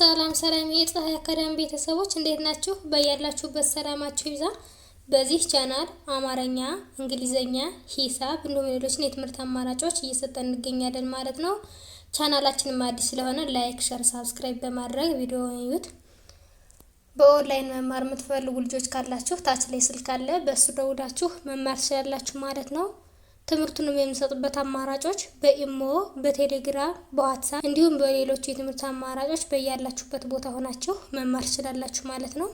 ሰላም ሰላም የፀሐይ አካዳሚ ቤተሰቦች እንዴት ናችሁ? በያላችሁበት ሰላማችሁ ይብዛ። በዚህ ቻናል አማርኛ፣ እንግሊዘኛ፣ ሂሳብ እንዲሁም ሌሎችን የትምህርት አማራጮች እየሰጠን እንገኛለን ማለት ነው። ቻናላችንም አዲስ ስለሆነ ላይክ፣ ሸር፣ ሳብስክራይብ በማድረግ ቪዲዮ እዩት። በኦንላይን መማር የምትፈልጉ ልጆች ካላችሁ ታች ላይ ስልክ አለ፣ በእሱ ደውላችሁ መማር ትችላላችሁ ማለት ነው። ትምህርቱን የምሰጥበት አማራጮች በኢሞ፣ በቴሌግራም፣ በዋትሳፕ እንዲሁም በሌሎች የትምህርት አማራጮች በያላችሁበት ቦታ ሆናችሁ መማር ትችላላችሁ ማለት ነው።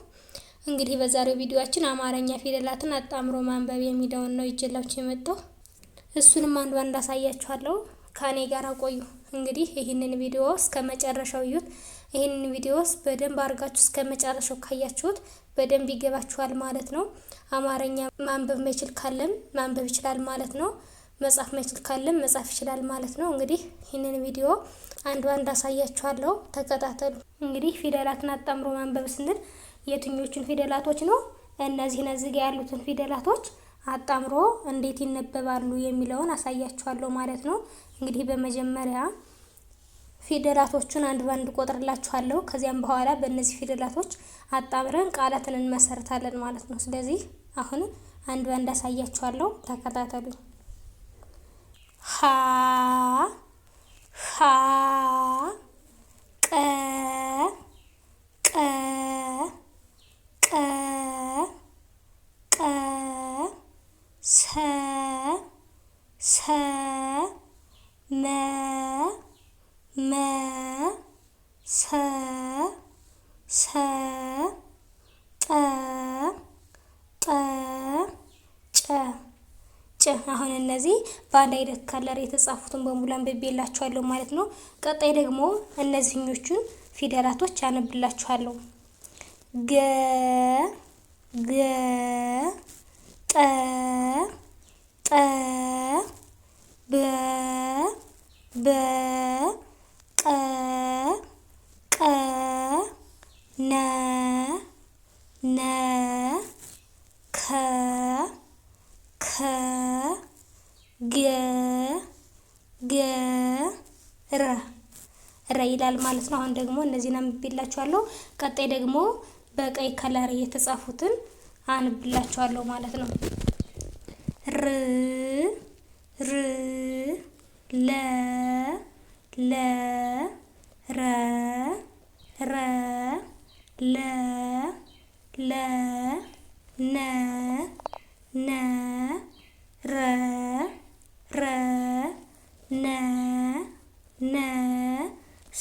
እንግዲህ በዛሬው ቪዲዮችን አማርኛ ፊደላትን አጣምሮ ማንበብ የሚለውን ነው ይዤላችሁ የመጣው። እሱንም አንዷ እንዳሳያችኋለሁ። ከኔ ጋር ቆዩ። እንግዲህ ይህንን ቪዲዮ እስከ መጨረሻው እዩት። ይህንን ቪዲዮ በደንብ አድርጋችሁ እስከ መጨረሻው ካያችሁት በደንብ ይገባችኋል ማለት ነው። አማርኛ ማንበብ መችል ካለም ማንበብ ይችላል ማለት ነው። መጻፍ መችል ካለም መጻፍ ይችላል ማለት ነው። እንግዲህ ይህንን ቪዲዮ አንድ አንድ አሳያችኋለሁ፣ ተከታተሉ። እንግዲህ ፊደላትን አጣምሮ ማንበብ ስንል የትኞቹን ፊደላቶች ነው? እነዚህ ነዚህ ያሉትን ፊደላቶች አጣምሮ እንዴት ይነበባሉ የሚለውን አሳያችኋለሁ ማለት ነው። እንግዲህ በመጀመሪያ ፊደላቶቹን አንድ ባንድ ቆጥርላችኋለሁ። ከዚያም በኋላ በእነዚህ ፊደላቶች አጣምረን ቃላትን እንመሰርታለን ማለት ነው። ስለዚህ አሁን አንድ ባንድ አሳያችኋለሁ። ተከታተሉኝ። ሀ ሀ መ ሰ ሰ ጠ ጠ ጨ ጭ። አሁን እነዚህ በአንድ አይነት ከለር የተጻፉትን በሙሉ አንብቤላችኋለሁ ማለት ነው። ቀጣይ ደግሞ እነዚህኞቹን ፊደላቶች አነብላችኋለሁ። ገ ገ ጠ ይላል ማለት ነው። አሁን ደግሞ እነዚህን አንብቤላችኋለሁ። ቀጣይ ደግሞ በቀይ ከለር የተጻፉትን አንብላችኋለሁ ማለት ነው። ር ር ለ ለ ረ ረ ለ ለ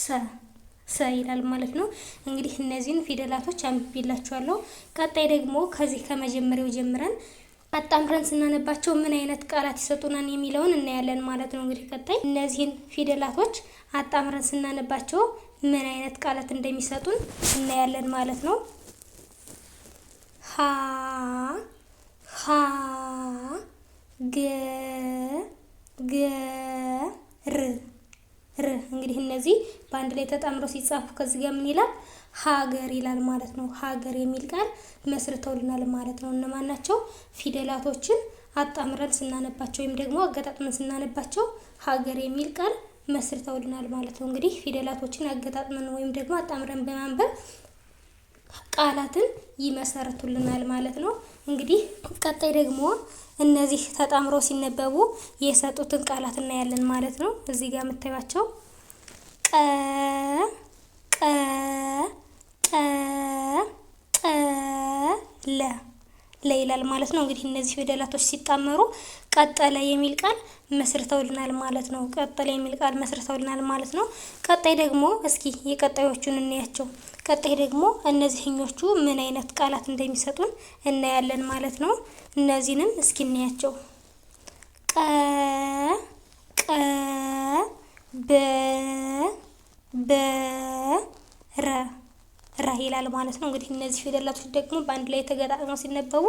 ሰ ሰ ይላል ማለት ነው። እንግዲህ እነዚህን ፊደላቶች አንብቤላችኋለሁ። ቀጣይ ደግሞ ከዚህ ከመጀመሪያው ጀምረን አጣምረን ስናነባቸው ምን አይነት ቃላት ይሰጡናል የሚለውን እናያለን ማለት ነው። እንግዲህ ቀጣይ እነዚህን ፊደላቶች አጣምረን ስናነባቸው ምን አይነት ቃላት እንደሚሰጡን እናያለን ማለት ነው። ሀ ሀ በአንድ ላይ ተጣምረው ሲጻፉ ከዚህ ጋር ምን ይላል? ሀገር ይላል ማለት ነው። ሀገር የሚል ቃል መስርተውልናል ማለት ነው። እነማን ናቸው? ፊደላቶችን አጣምረን ስናነባቸው ወይም ደግሞ አገጣጥመን ስናነባቸው ሀገር የሚል ቃል መስርተውልናል ማለት ነው። እንግዲህ ፊደላቶችን አገጣጥመን ወይም ደግሞ አጣምረን በማንበብ ቃላትን ይመሰርቱልናል ማለት ነው። እንግዲህ ቀጣይ ደግሞ እነዚህ ተጣምረው ሲነበቡ የሰጡትን ቃላት እናያለን ማለት ነው። እዚህ ጋር የምታዩቸው ቀ ቀ ቀ ቀ ለ ለ ይላል ማለት ነው። እንግዲህ እነዚህ ፊደላቶች ሲጣመሩ ቀጠለ የሚል ቃል መስርተውልናል ማለት ነው። ቀጠለ የሚል ቃል መስርተውልናል ማለት ነው። ቀጣይ ደግሞ እስኪ የቀጣዮቹን እናያቸው። ቀጣይ ደግሞ እነዚህኞቹ ምን አይነት ቃላት እንደሚሰጡን እናያለን ማለት ነው። እነዚህንም እስኪ እናያቸው። ቀ ቀ በ በረ ረ ይላል ማለት ነው። እንግዲህ እነዚህ ፊደላቶች ደግሞ በአንድ ላይ ተገጣጥመው ሲነበቡ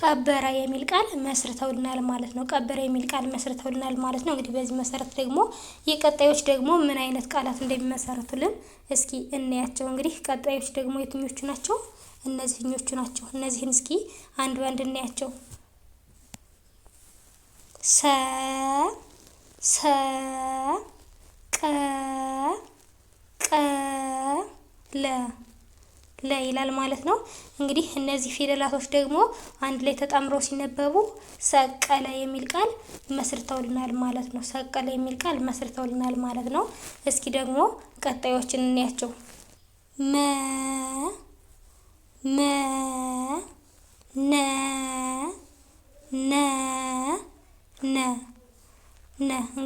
ቀበረ የሚል ቃል መስርተውልናል ማለት ነው። ቀበረ የሚል ቃል መስርተውልናል ማለት ነው። እንግዲህ በዚህ መሰረት ደግሞ የቀጣዮች ደግሞ ምን አይነት ቃላት እንደሚመሰረቱልን እስኪ እናያቸው። እንግዲህ ቀጣዮች ደግሞ የትኞቹ ናቸው? እነዚህኞቹ ናቸው። እነዚህን እስኪ አንድ በአንድ እናያቸው። ሰ ሰ ቀ ቀ ለ ለ ይላል ማለት ነው። እንግዲህ እነዚህ ፊደላቶች ደግሞ አንድ ላይ ተጣምረው ሲነበቡ ሰቀለ የሚል ቃል መስርተውልናል ማለት ነው። ሰቀለ የሚል ቃል መስርተውልናል ማለት ነው። እስኪ ደግሞ ቀጣዮችን እንያቸው።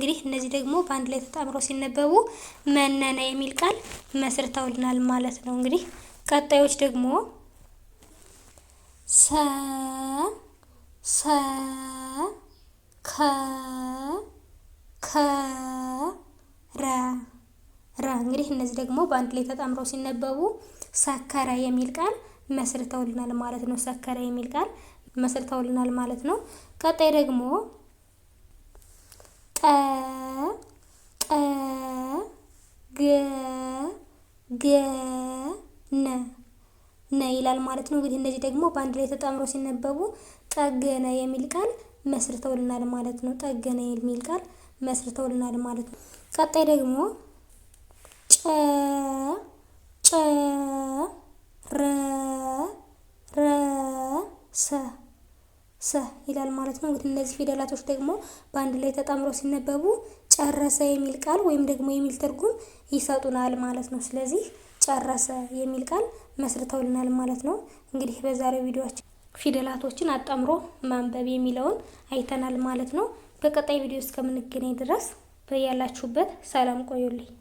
እንግዲህ እነዚህ ደግሞ በአንድ ላይ ተጣምሮ ሲነበቡ መነነ የሚል ቃል መስርተውልናል ማለት ነው። እንግዲህ ቀጣዮች ደግሞ ሰ ሰ ከ ከ ረ ረ እንግዲህ እነዚህ ደግሞ በአንድ ላይ ተጣምሮ ሲነበቡ ሰከረ የሚል ቃል መስርተውልናል ማለት ነው። ሰከረ የሚል ቃል መስርተውልናል ማለት ነው። ቀጣይ ደግሞ ጠገነ ነ ይላል ማለት ነው። እንግዲህ እነዚህ ደግሞ በአንድ ላይ ተጣምሮ ሲነበቡ ጠገነ የሚል ቃል መስርተውልናል ማለት ነው። ጠገነ የሚል ቃል መስርተውልናል ማለት ነው። ቀጣይ ደግሞ ጨ ጨ ረ ረ ሰ ሰ ይላል ማለት ነው። እንግዲህ እነዚህ ፊደላቶች ደግሞ በአንድ ላይ ተጣምሮ ሲነበቡ ጨረሰ የሚል ቃል ወይም ደግሞ የሚል ትርጉም ይሰጡናል ማለት ነው። ስለዚህ ጨረሰ የሚል ቃል መስርተውልናል ማለት ነው። እንግዲህ በዛሬው ቪዲዮችን ፊደላቶችን አጣምሮ ማንበብ የሚለውን አይተናል ማለት ነው። በቀጣይ ቪዲዮ እስከምንገናኝ ድረስ በያላችሁበት ሰላም ቆዩልኝ።